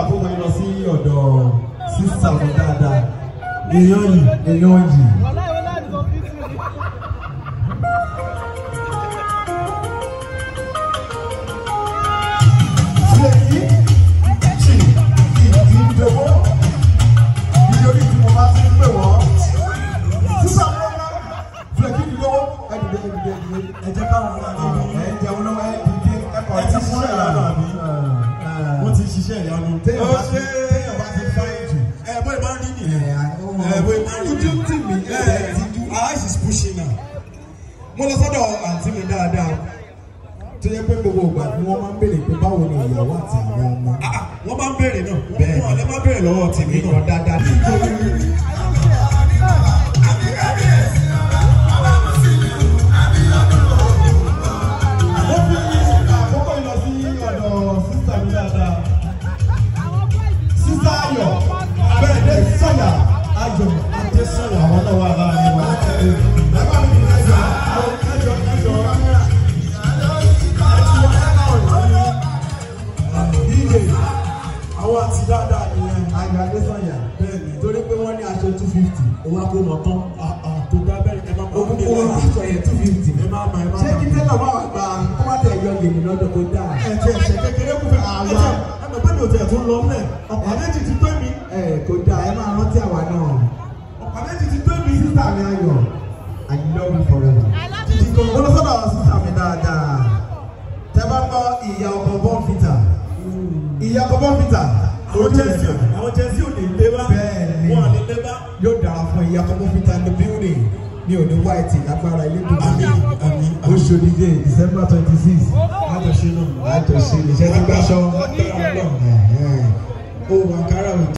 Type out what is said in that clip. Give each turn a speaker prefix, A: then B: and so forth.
A: àbúrò yín lọ sí ọ̀dọ̀ sísà mi dáadáa èèyàn yìí èèyàn yìí. ẹ jẹ́ káwọn fúlàní ẹ jẹun lọ́wọ́ ẹ bẹ̀rẹ̀ ọdún téèyàn bá ti téèyàn bá ti fáyìn jù. ẹ bó ẹ máa ń rí nìyẹn ẹ bó rí nìyẹn. ojú tì mí ẹ ti du eyes is pushing now. mo lọ sọ́dọ̀ àǹtí mi dáadáa tó yẹ pé gbogbo ìgbà ni wọ́n máa ń béèrè pé báwo ni ìyàwó àti àwọn ọmọ. Ah, ah, wọ́n máa ń béèrè náà wọ́n máa ń béèrè lọ́wọ́ tèmi náà dáadáa. sọ̀rọ̀ àwọn náà wà láàrin wa. àwọn àti dáadáa nìyẹn àgbàdo sọ̀yà bẹ́ẹ̀ ni torí pé wọ́n ní aṣọ two fifty owó akómọ tán tó dá bẹ́ẹ̀ ẹ máa two fifty ẹ máa ma ẹ máa ma. ṣé kí tẹ́lẹ̀ wà wá gba kó má tẹ̀ yọ gèmí lọ́dọ̀ kó dáa. ẹ ti ẹsẹ kékeré kúfẹ àwa ẹ ti ẹ mọ pé mi ò tẹ̀ tún lọ mẹ ọkọ méjì ti pé kò dáa ẹ máa rántí sísá mi ayọ̀ I love you forever títí kan olùsọ̀dọ̀ àwọn sísá mi dáadáa tẹ́ bá gbọ́ ìyá ọkọ̀ bọ́n fìtà ìyá ọkọ̀ bọ́n fìtà àwọn jẹ́sí àwọn jẹ́sí ò ní lé wá wọn à ní lé wá yóò dára fún ìyá ọkọ̀ bọ́n fìtà ní bíúrì ní òní wáìtì lágbára ilé tó bí oṣù dídé December twenty six àjọṣe náà àjọṣe iṣẹ́ tí gbàṣọ ó wà kára òjò.